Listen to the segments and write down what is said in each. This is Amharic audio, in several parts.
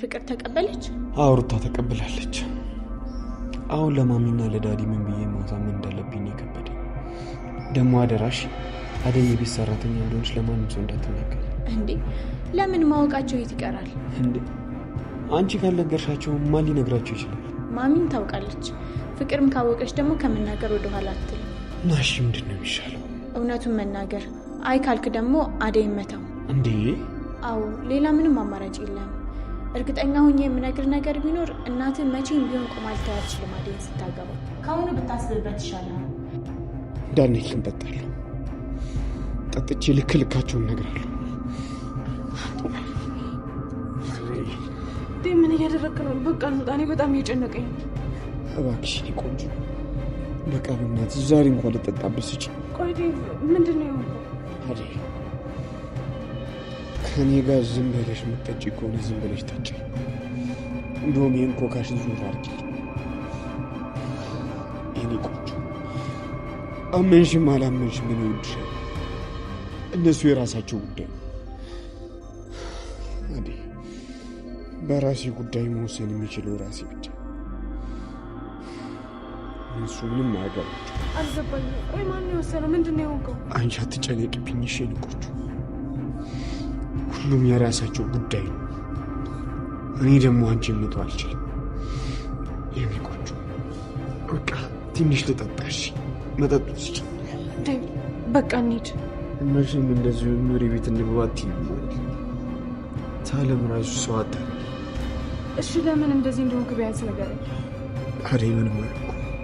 ፍቅር ተቀበለች? አዎ ሩታ ተቀብላለች። አሁን ለማሚና ለዳዲ ምን ብዬ ማሳመን እንዳለብኝ የከበደ ደግሞ አደራሽ አደይ የቤት ሰራተኛ እንደሆነች ለማንም ሰው እንዳትናገር። እንዴ ለምን ማወቃቸው የት ይቀራል? እንዴ አንቺ ካልነገርሻቸው ማን ሊነግራቸው ይችላል? ማሚን ታውቃለች። ፍቅርም ካወቀች ደግሞ ከመናገር ወደኋላ አትል። ናሺ ምንድን ነው የሚሻለው? እውነቱን መናገር። አይ ካልክ ደግሞ አደይ መተው። እንዴ አዎ ሌላ ምንም አማራጭ የለም። እርግጠኛ ሁኜ የምነግር ነገር ቢኖር እናትን መቼም ቢሆን ቆማ ልታይ አትችልም። አደይን ስታገባ ከአሁኑ ብታስብበት ይሻላል። ዳንኤል ልንጠጣለሁ። ጠጥቼ ልክ ልካቸውን እነግራለሁ። ምን እያደረግክ ነው? በቃ እንውጣ። እኔ በጣም እየጨነቀኝ ነው። እባክሽ ቆንጆ፣ በቃ በእናትሽ ዛሬ እንኳን ልጠጣበት ቆይ ምንድን ነው አደይ ከኔ ጋር ዝም በለሽ የምትጠጪ ከሆነ ዝም በለሽ ጠጪ። እንደውም ይህን ኮካሽን ዙር አድርጊ። የኔ ቆንጆ አመንሽም አላመንሽ ምን እወድሻለሁ። እነሱ የራሳቸው ጉዳይ አዴ፣ በራሴ ጉዳይ መወሰን የሚችለው ራሴ ብቻ። እሱ ምንም አያገባቸው። አልገባኝም። ቆይ ማን የወሰነው? ምንድን ነው የሆንከው? አንቺ አትጨነቅብኝ። እሺ የኔ ሁሉም የራሳቸው ጉዳይ ነው። እኔ ደግሞ አንቺ መተው አልችልም። የሚቆጩ በቃ ትንሽ ልጠጣሽ መጠጡ ስጭ። በቃ እንሂድ። መቼም እንደዚሁ ኑሪ ቤት እንግባት ይል ታለም ራሱ ሰው አታ እሺ፣ ለምን እንደዚህ እንደሆን ቢያንስ ነገር አደ ምንም አልኩ።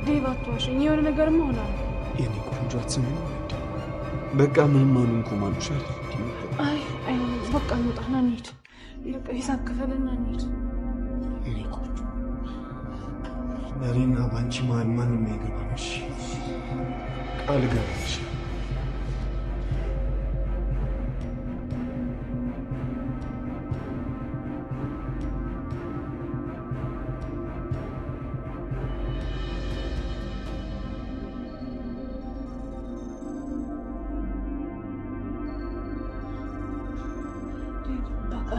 ዴቭ አትዋሸኝ፣ የሆነ ነገርም ሆናል። የኔ ቆንጆ አትሰሚም? በቃ ምንም አልሆንኩም አሉሽ በቃ እንውጣና እንሂድ። ይልቅ ሂሳብ ክፈልና እንሂድ። በእኔና በአንቺ ማን ቃል ገባሽ በቃ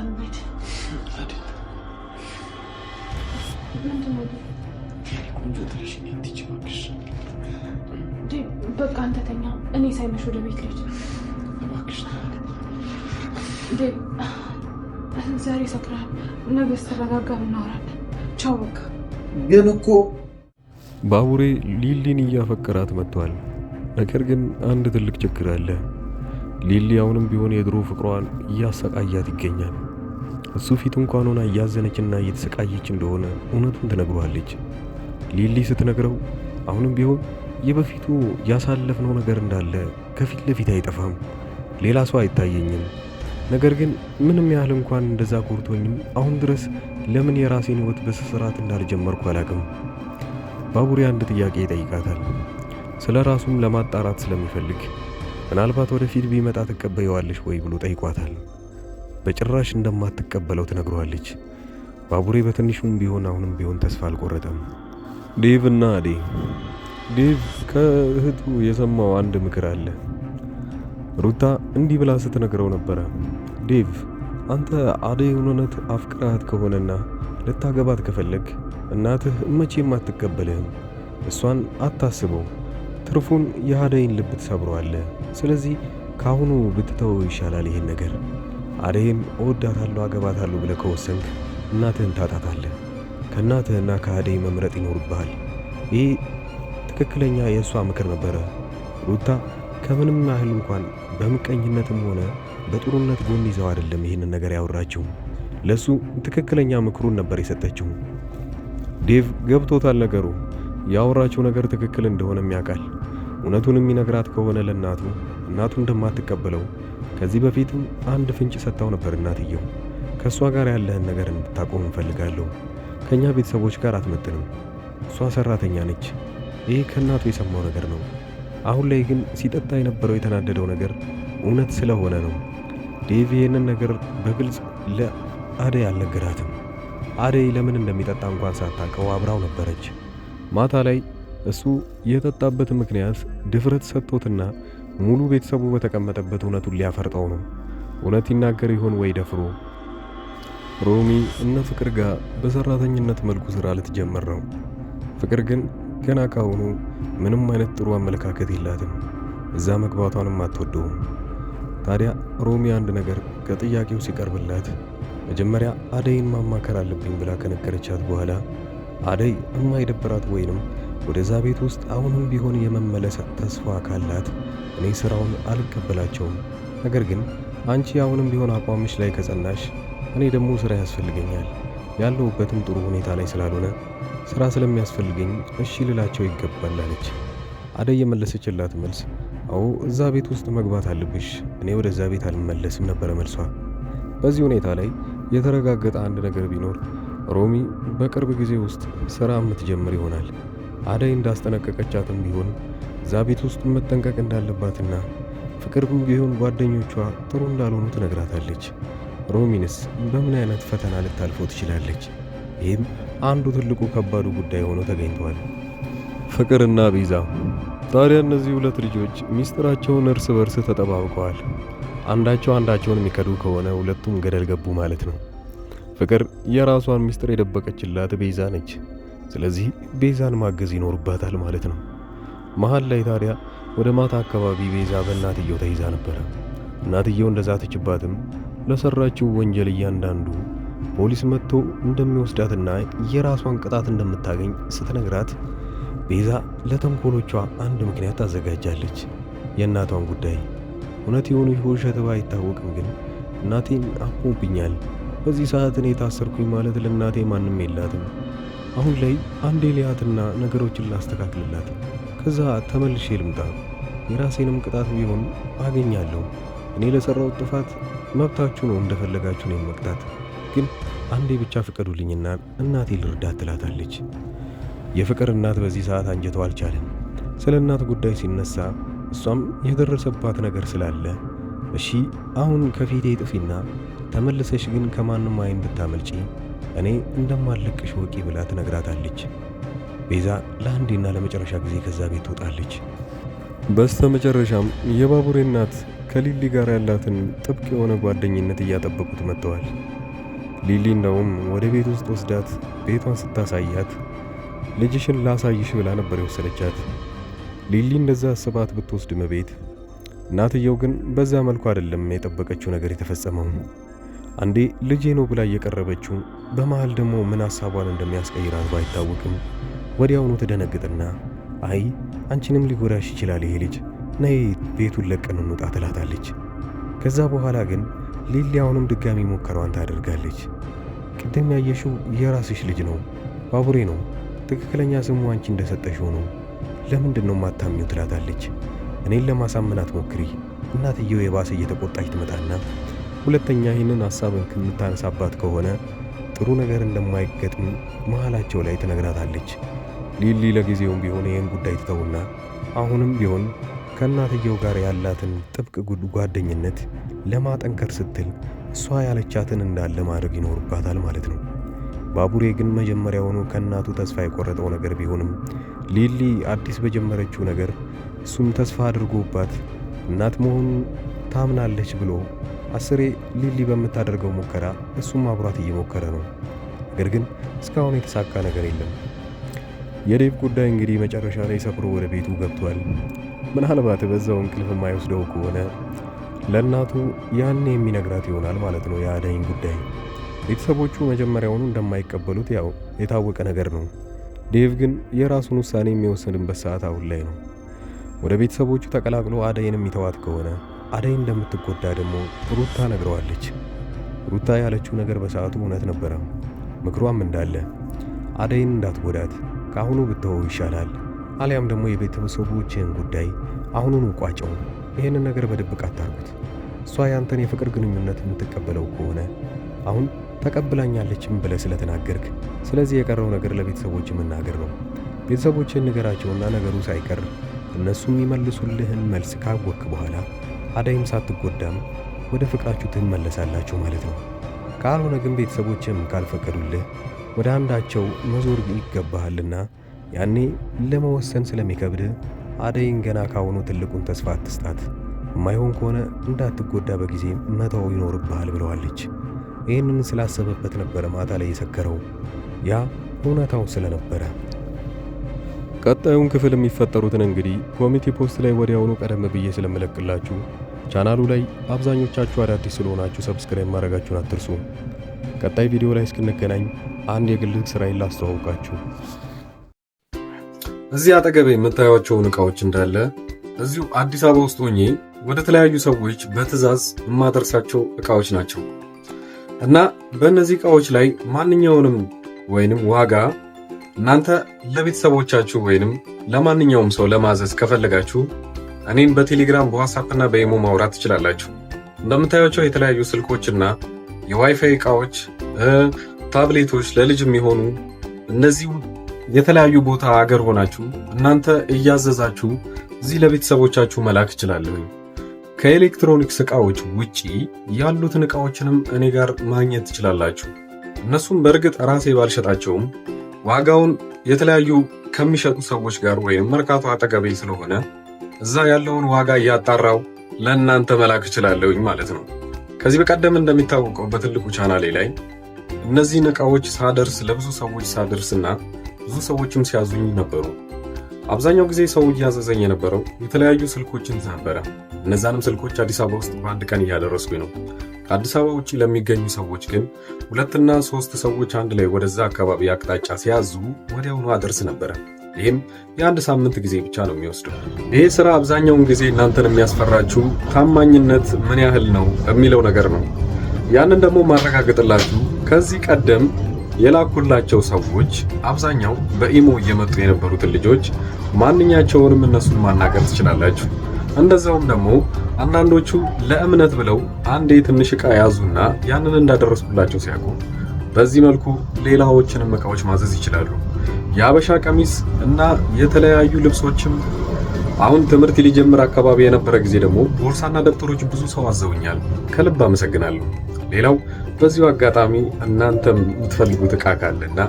አንተ ተኛ፣ እኔ ሳይመሽ ወደ ቤት ልሂድ። ዛሬ ይሰክራል ነገ ስትረጋጋ እናወራለን። ቻው በቃ። ግን እኮ ባቡሬ ሊሊን እያፈቀራት መጥቷል። ነገር ግን አንድ ትልቅ ችግር አለ። ሊሊ አሁንም ቢሆን የድሮ ፍቅሯን እያሰቃያት ይገኛል። እሱ ፊት እንኳን ሆና እያዘነችና እየተሰቃየች እንደሆነ እውነቱን ትነግሯለች። ሊሊ ስትነግረው አሁንም ቢሆን የበፊቱ ያሳለፍነው ነገር እንዳለ ከፊት ለፊት አይጠፋም፣ ሌላ ሰው አይታየኝም። ነገር ግን ምንም ያህል እንኳን እንደዛ ኮርቶኝም አሁን ድረስ ለምን የራሴን ሕይወት በስስራት እንዳልጀመርኩ አላቅም። ባቡሬ አንድ ጥያቄ ይጠይቃታል። ስለ ራሱም ለማጣራት ስለሚፈልግ ምናልባት ወደፊት ቢመጣ ትቀበየዋለሽ ወይ ብሎ ጠይቋታል። በጭራሽ እንደማትቀበለው ትነግሯለች። ባቡሬ በትንሹም ቢሆን አሁንም ቢሆን ተስፋ አልቆረጠም። ዴቭ እና አዴ ዴቭ ከእህቱ የሰማው አንድ ምክር አለ። ሩታ እንዲህ ብላ ስትነግረው ነበረ። ዴቭ አንተ አደይ እውነት አፍቅራት ከሆነና ልታገባት ከፈለግ እናትህ መቼም አትቀበልህም። እሷን አታስበው፣ ትርፉን የአደይን ልብ ትሰብረዋለህ። ስለዚህ ከአሁኑ ብትተው ይሻላል ይህን ነገር። አደይን እወዳታለሁ፣ አገባታለሁ ብለህ ከወሰንክ እናትህን ታጣታለህ። ከእናትህና ከአደይ መምረጥ ይኖርብሃል። ይህ ትክክለኛ የእሷ ምክር ነበረ። ሩታ ከምንም ያህል እንኳን በምቀኝነትም ሆነ በጥሩነት ጎን ይዘው አይደለም ይህንን ነገር ያወራችው። ለእሱ ትክክለኛ ምክሩን ነበር የሰጠችው። ዴቭ ገብቶታል ነገሩ። ያወራችው ነገር ትክክል እንደሆነም ያውቃል። እውነቱን የሚነግራት ከሆነ ለእናቱ እናቱ እንደማትቀበለው ከዚህ በፊትም አንድ ፍንጭ ሰጥታው ነበር። እናትየው ከእሷ ጋር ያለህን ነገር እንድታቆም እንፈልጋለሁ። ከእኛ ቤተሰቦች ጋር አትመጥንም። እሷ ሰራተኛ ነች። ይህ ከእናቱ የሰማው ነገር ነው። አሁን ላይ ግን ሲጠጣ የነበረው የተናደደው ነገር እውነት ስለሆነ ነው። ዴቭ ይህንን ነገር በግልጽ ለአደይ አልነገራትም። አደይ ለምን እንደሚጠጣ እንኳን ሳታውቀው አብራው ነበረች። ማታ ላይ እሱ የጠጣበት ምክንያት ድፍረት ሰጥቶትና ሙሉ ቤተሰቡ በተቀመጠበት እውነቱን ሊያፈርጠው ነው። እውነት ይናገር ይሆን ወይ ደፍሮ? ሮሚ እነ ፍቅር ጋር በሰራተኝነት መልኩ ስራ ልትጀምር ነው። ፍቅር ግን ገና ካሁኑ ምንም አይነት ጥሩ አመለካከት የላትም። እዛ መግባቷንም አትወደውም። ታዲያ ሮሚ አንድ ነገር ከጥያቄው ሲቀርብላት መጀመሪያ አደይን ማማከር አለብኝ ብላ ከነገረቻት በኋላ አደይ የማይደብራት ወይንም ወደዛ ቤት ውስጥ አሁንም ቢሆን የመመለስ ተስፋ ካላት እኔ ስራውን አልቀበላቸውም። ነገር ግን አንቺ አሁንም ቢሆን አቋምሽ ላይ ከጸናሽ፣ እኔ ደግሞ ስራ ያስፈልገኛል። ያለሁበትም ጥሩ ሁኔታ ላይ ስላልሆነ ስራ ስለሚያስፈልገኝ እሺ ልላቸው ይገባል አለች። አደይ የመለሰችላት መልስ አዎ እዛ ቤት ውስጥ መግባት አለብሽ፣ እኔ ወደዛ ቤት አልመለስም ነበረ መልሷ። በዚህ ሁኔታ ላይ የተረጋገጠ አንድ ነገር ቢኖር ሮሚ በቅርብ ጊዜ ውስጥ ስራ የምትጀምር ይሆናል። አደይ እንዳስጠነቀቀቻትም ቢሆን እዛ ቤት ውስጥ መጠንቀቅ እንዳለባትና ፍቅርም ቢሆን ጓደኞቿ ጥሩ እንዳልሆኑ ትነግራታለች። ሮሚንስ በምን አይነት ፈተና ልታልፎ ትችላለች? ይህም አንዱ ትልቁ ከባዱ ጉዳይ ሆኖ ተገኝቷል። ፍቅርና ቤዛ ታዲያ እነዚህ ሁለት ልጆች ሚስጥራቸውን እርስ በርስ ተጠባብቀዋል። አንዳቸው አንዳቸውን የሚከዱ ከሆነ ሁለቱም ገደል ገቡ ማለት ነው። ፍቅር የራሷን ሚስጥር የደበቀችላት ቤዛ ነች። ስለዚህ ቤዛን ማገዝ ይኖርባታል ማለት ነው። መሀል ላይ ታዲያ ወደ ማታ አካባቢ ቤዛ በእናትየው ተይዛ ነበረ። እናትየው እንደዛተችባትም ለሰራችው ወንጀል እያንዳንዱ ፖሊስ መጥቶ እንደሚወስዳትና የራሷን ቅጣት እንደምታገኝ ስትነግራት ቤዛ ለተንኮሎቿ አንድ ምክንያት ታዘጋጃለች። የእናቷን ጉዳይ እውነት የሆኑ ውሸት አይታወቅም፣ ግን እናቴን አሞብኛል። በዚህ ሰዓት እኔ ታሰርኩኝ ማለት ለእናቴ ማንም የላትም አሁን ላይ አንዴ ሊያትና ነገሮችን ላስተካክልላት፣ ከዛ ተመልሼ ልምጣ። የራሴንም ቅጣት ቢሆን አገኛለሁ። እኔ ለሠራሁት ጥፋት መብታችሁ ነው እንደፈለጋችሁ ነው መቅጣት፣ ግን አንዴ ብቻ ፍቀዱልኝና እናቴ ልርዳት ትላታለች። የፍቅር እናት በዚህ ሰዓት አንጀተው አልቻለም። ስለ እናት ጉዳይ ሲነሳ እሷም የደረሰባት ነገር ስላለ እሺ አሁን ከፊቴ ጥፊና ተመልሰሽ ግን ከማንም አይን ብታመልጪ እኔ እንደማለቅሽ ወቂ ብላ ትነግራታለች። ቤዛ ለአንዴና ለመጨረሻ ጊዜ ከዛ ቤት ትወጣለች። በስተ መጨረሻም የባቡሬ እናት ከሊሊ ጋር ያላትን ጥብቅ የሆነ ጓደኝነት እያጠበቁት መጥተዋል። ሊሊ እንደውም ወደ ቤት ውስጥ ወስዳት ቤቷን ስታሳያት ልጅሽን ላሳይሽ ብላ ነበር የወሰደቻት። ሊሊ እንደዛ ስባት ብትወስድም ቤት እናትየው ግን በዛ መልኩ አይደለም የጠበቀችው ነገር የተፈጸመው። አንዴ ልጄ ነው ብላ እየቀረበችው በመሃል ደግሞ ምን ሐሳቧን እንደሚያስቀይራት ባይታወቅም ወዲያውኑ ትደነግጥና አይ አንቺንም ሊጎዳሽ ይችላል ይሄ ልጅ፣ ነይ ቤቱን ለቀን እንውጣ ትላታለች። ከዛ በኋላ ግን ሊሊ አሁንም ድጋሚ ሙከራዋን ታደርጋለች። ቅድም ያየሽው የራስሽ ልጅ ነው፣ ባቡሬ ነው። ትክክለኛ ስሙ አንቺ እንደሰጠሽው ነው። ለምንድን ነው ማታምኙ? ትላታለች። እኔን ለማሳመን አትሞክሪ። እናትየው የባሰ እየተቆጣች ትመጣና ሁለተኛ ይህንን ሐሳብን ከምታነሳባት ከሆነ ጥሩ ነገር እንደማይገጥም መሃላቸው ላይ ትነግራታለች። ሊሊ ለጊዜውም ቢሆን ይህን ጉዳይ ትተውና አሁንም ቢሆን ከእናትየው ጋር ያላትን ጥብቅ ጓደኝነት ለማጠንከር ስትል እሷ ያለቻትን እንዳለ ማድረግ ይኖርባታል ማለት ነው። ባቡሬ ግን መጀመሪያውኑ ከእናቱ ተስፋ የቆረጠው ነገር ቢሆንም ሊሊ አዲስ በጀመረችው ነገር እሱም ተስፋ አድርጎባት እናት መሆኑን ታምናለች ብሎ አስሬ ሊሊ በምታደርገው ሙከራ እሱም አብሯት እየሞከረ ነው። ነገር ግን እስካሁን የተሳካ ነገር የለም። የዴቭ ጉዳይ እንግዲህ መጨረሻ ላይ ሰክሮ ወደ ቤቱ ገብቷል። ምናልባት በዛው እንቅልፍ የማይወስደው ከሆነ ለእናቱ ያኔ የሚነግራት ይሆናል ማለት ነው የአደይን ጉዳይ። ቤተሰቦቹ መጀመሪያውኑ እንደማይቀበሉት ያው የታወቀ ነገር ነው። ዴቭ ግን የራሱን ውሳኔ የሚወስንበት ሰዓት አሁን ላይ ነው። ወደ ቤተሰቦቹ ተቀላቅሎ አደይን ይተዋት ከሆነ አደይ እንደምትጎዳ ደግሞ ሩታ ነግረዋለች። ሩታ ያለችው ነገር በሰዓቱ እውነት ነበረ። ምክሯም እንዳለ አደይን እንዳትጎዳት ከአሁኑ ብትወው ይሻላል፣ አሊያም ደግሞ የቤተሰቦችህን ጉዳይ አሁኑን ውቋጨው። ይህንን ነገር በድብቅ አታርጉት። እሷ ያንተን የፍቅር ግንኙነት የምትቀበለው ከሆነ አሁን ተቀብላኛለችም ብለህ ስለተናገርክ፣ ስለዚህ የቀረው ነገር ለቤተሰቦች መናገር ነው። ቤተሰቦችህን ንገራቸውና ነገሩ ሳይቀር እነሱም ይመልሱልህን መልስ ካወቅክ በኋላ አደይም ሳትጎዳም ወደ ፍቅራችሁ ትመለሳላችሁ ማለት ነው። ካልሆነ ግን ቤተሰቦችም ካልፈቀዱልህ ወደ አንዳቸው መዞር ይገባሃልና ያኔ ለመወሰን ስለሚከብድህ አደይን ገና ካሁኑ ትልቁን ተስፋ አትስጣት። የማይሆን ከሆነ እንዳትጎዳ በጊዜ መተው ይኖርብሃል ብለዋለች። ይህንን ስላሰበበት ነበረ ማታ ላይ የሰከረው። ያ እውነታው ስለነበረ ቀጣዩን ክፍል የሚፈጠሩትን እንግዲህ ኮሚቴ ፖስት ላይ ወዲያውኑ ቀደም ብዬ ስለምለቅላችሁ ቻናሉ ላይ አብዛኞቻችሁ አዳዲስ ስለሆናችሁ ሰብስክራይብ ማድረጋችሁን አትርሱ። ቀጣይ ቪዲዮ ላይ እስክንገናኝ አንድ የግል ስራዬን ላስተዋውቃችሁ። እዚህ አጠገቤ የምታዩቸውን እቃዎች እንዳለ እዚሁ አዲስ አበባ ውስጥ ሆኜ ወደ ተለያዩ ሰዎች በትዕዛዝ የማደርሳቸው እቃዎች ናቸው እና በእነዚህ እቃዎች ላይ ማንኛውንም ወይንም ዋጋ እናንተ ለቤተሰቦቻችሁ ወይንም ለማንኛውም ሰው ለማዘዝ ከፈለጋችሁ እኔን በቴሌግራም በዋትሳፕ እና በኢሞ ማውራት ትችላላችሁ። እንደምታያቸው የተለያዩ ስልኮችና የዋይፋይ እቃዎች፣ ታብሌቶች፣ ለልጅ የሚሆኑ እነዚህ የተለያዩ ቦታ አገር ሆናችሁ እናንተ እያዘዛችሁ እዚህ ለቤተሰቦቻችሁ መላክ እችላለሁ። ከኤሌክትሮኒክስ እቃዎች ውጪ ያሉትን እቃዎችንም እኔ ጋር ማግኘት ትችላላችሁ። እነሱም በእርግጥ ራሴ ባልሸጣቸውም ዋጋውን የተለያዩ ከሚሸጡ ሰዎች ጋር ወይም መርካቶ አጠገቤ ስለሆነ እዛ ያለውን ዋጋ እያጣራው ለእናንተ መላክ እችላለሁኝ ማለት ነው። ከዚህ በቀደም እንደሚታወቀው በትልቁ ቻናሌ ላይ እነዚህን እቃዎች ሳደርስ ለብዙ ሰዎች ሳደርስና ብዙ ሰዎችም ሲያዙኝ ነበሩ። አብዛኛው ጊዜ ሰው እያዘዘኝ የነበረው የተለያዩ ስልኮችን ነበረ። እነዛንም ስልኮች አዲስ አበባ ውስጥ በአንድ ቀን እያደረስኩ ነው። ከአዲስ አበባ ውጭ ለሚገኙ ሰዎች ግን ሁለትና ሶስት ሰዎች አንድ ላይ ወደዛ አካባቢ አቅጣጫ ሲያዙ ወዲያውኑ አደርስ ነበረ። ይህም የአንድ ሳምንት ጊዜ ብቻ ነው የሚወስደው። ይህ ስራ አብዛኛውን ጊዜ እናንተን የሚያስፈራችሁ ታማኝነት ምን ያህል ነው የሚለው ነገር ነው። ያንን ደግሞ ማረጋገጥላችሁ ከዚህ ቀደም የላኩላቸው ሰዎች አብዛኛው በኢሞ እየመጡ የነበሩትን ልጆች ማንኛቸውንም እነሱን ማናገር ትችላላችሁ። እንደዛውም ደግሞ አንዳንዶቹ ለእምነት ብለው አንዴ ትንሽ ዕቃ ያዙና ያንን እንዳደረስኩላቸው ሲያውቁ በዚህ መልኩ ሌላዎችንም ዕቃዎች ማዘዝ ይችላሉ። የአበሻ ቀሚስ እና የተለያዩ ልብሶችም አሁን ትምህርት ሊጀምር አካባቢ የነበረ ጊዜ ደግሞ ቦርሳና ደብተሮች ብዙ ሰው አዘውኛል። ከልብ አመሰግናለሁ። ሌላው በዚሁ አጋጣሚ እናንተ የምትፈልጉት እቃ ካለና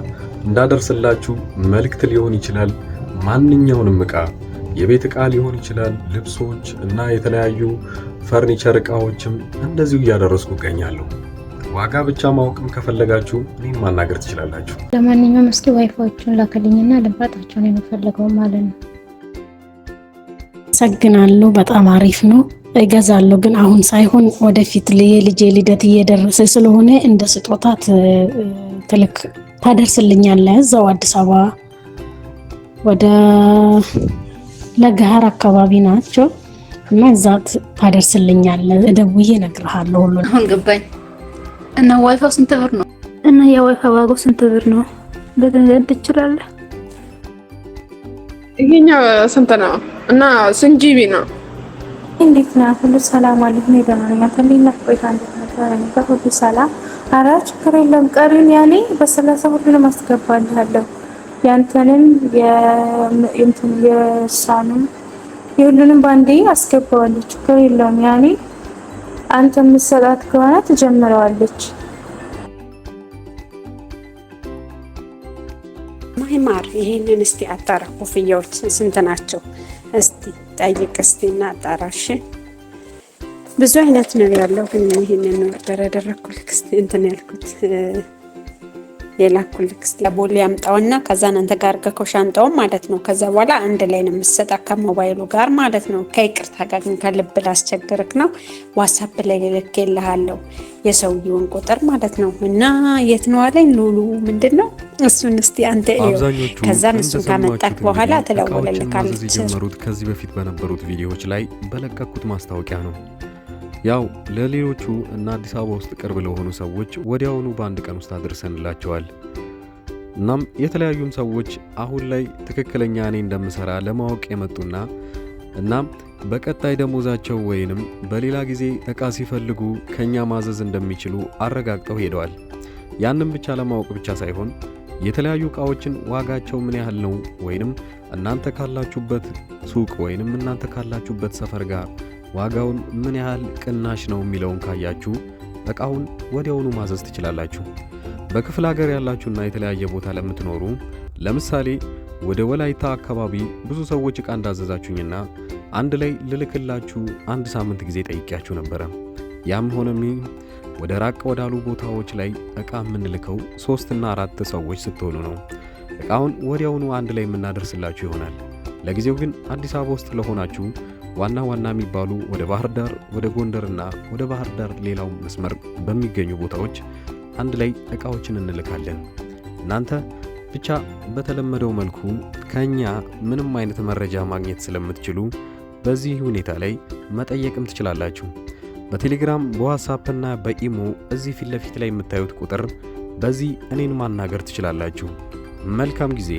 እንዳደርስላችሁ መልእክት ሊሆን ይችላል። ማንኛውንም እቃ የቤት ዕቃ ሊሆን ይችላል፣ ልብሶች እና የተለያዩ ፈርኒቸር ዕቃዎችም እንደዚሁ እያደረስኩ እገኛለሁ። ዋጋ ብቻ ማወቅም ከፈለጋችሁ እኔን ማናገር ትችላላችሁ። ለማንኛውም እስኪ ዋይፋዎቹን ላክልኝና ልምረጣቸውን የምፈልገው ማለት ነው። አመሰግናለሁ። በጣም አሪፍ ነው። እገዛለሁ ግን አሁን ሳይሆን ወደፊት የልጄ ልደት እየደረሰ ስለሆነ እንደ ስጦታት ትልክ ታደርስልኛለ እዛው አዲስ አበባ ወደ ለገሀር አካባቢ ናቸው እና እዛ ታደርስልኛለ። እደውዬ እነግርሃለሁ ሁሉ አሁን ገባኝ። እና ዋይፋው ስንት ብር ነው? እና የዋይፋው ዋጋው ስንት ብር ነው? በገንዘብ ትችላለህ? ይሄኛው ስንት ነው? እና ስንት ነው? እንዴት ነው? ሁሉ ሰላም አለኝ። ነው ደማ ነው አንተ እንዴት ነህ? ቆይታ እንዴት ነበር? ሁሉ ሰላም? ኧረ ችግር የለም። ቀሪውን ያኔ በሰላሳ ሁሉንም አስገባልሃለሁ። ያንተንም የእንትን የእሷንም የሁሉንም ባንዴ አስገባዋለሁ። ችግር የለውም ያኔ አንተ የምትሰጣት ከሆነ ትጀምረዋለች። ማር ይሄንን እስቲ አጣራ። ኮፍያዎች ስንት ናቸው? እስቲ ጠይቅ እስቲ እና አጣራሽ። ብዙ አይነት ነው ያለው፣ ግን ይሄንን ነው ያደረግኩልክ እንትን ያልኩት የላኩልክ ስ ቦሌ ያምጣውና ከዛ አንተ ጋር አድርገከው ሻንጣውን ማለት ነው። ከዛ በኋላ አንድ ላይ ነው የምትሰጣ ከሞባይሉ ጋር ማለት ነው። ከይቅርታ ጋር ግን ከልብ ላስቸግርክ ነው ዋትሳፕ ላይ ልክ የልሃለው የሰውየውን ቁጥር ማለት ነው። እና የት ነው አለኝ ሉሉ ምንድን ነው እሱን እስቲ አንተ ከዛን እሱን ካመጣክ በኋላ ትለውልልካለች። ከዚህ በፊት በነበሩት ቪዲዮዎች ላይ በለቀኩት ማስታወቂያ ነው ያው ለሌሎቹ እና አዲስ አበባ ውስጥ ቅርብ ለሆኑ ሰዎች ወዲያውኑ በአንድ ቀን ውስጥ አድርሰንላቸዋል። እናም የተለያዩም ሰዎች አሁን ላይ ትክክለኛ እኔ እንደምሰራ ለማወቅ የመጡና እናም በቀጣይ ደሞዛቸው ወይንም በሌላ ጊዜ እቃ ሲፈልጉ ከእኛ ማዘዝ እንደሚችሉ አረጋግጠው ሄደዋል። ያንም ብቻ ለማወቅ ብቻ ሳይሆን የተለያዩ እቃዎችን ዋጋቸው ምን ያህል ነው ወይንም እናንተ ካላችሁበት ሱቅ ወይንም እናንተ ካላችሁበት ሰፈር ጋር ዋጋውን ምን ያህል ቅናሽ ነው የሚለውን ካያችሁ ዕቃውን ወዲያውኑ ማዘዝ ትችላላችሁ። በክፍለ ሀገር ያላችሁና የተለያየ ቦታ ለምትኖሩ ለምሳሌ ወደ ወላይታ አካባቢ ብዙ ሰዎች ዕቃ እንዳዘዛችሁኝና አንድ ላይ ልልክላችሁ አንድ ሳምንት ጊዜ ጠይቄያችሁ ነበረ። ያም ሆነም ወደ ራቅ ወዳሉ ቦታዎች ላይ ዕቃ የምንልከው ሦስትና አራት ሰዎች ስትሆኑ ነው። ዕቃውን ወዲያውኑ አንድ ላይ የምናደርስላችሁ ይሆናል። ለጊዜው ግን አዲስ አበባ ውስጥ ለሆናችሁ ዋና ዋና የሚባሉ ወደ ባህር ዳር፣ ወደ ጎንደርና ወደ ባህር ዳር ሌላው መስመር በሚገኙ ቦታዎች አንድ ላይ እቃዎችን እንልካለን። እናንተ ብቻ በተለመደው መልኩ ከእኛ ምንም አይነት መረጃ ማግኘት ስለምትችሉ በዚህ ሁኔታ ላይ መጠየቅም ትችላላችሁ። በቴሌግራም በዋትሳፕና በኢሞ እዚህ ፊት ለፊት ላይ የምታዩት ቁጥር በዚህ እኔን ማናገር ትችላላችሁ። መልካም ጊዜ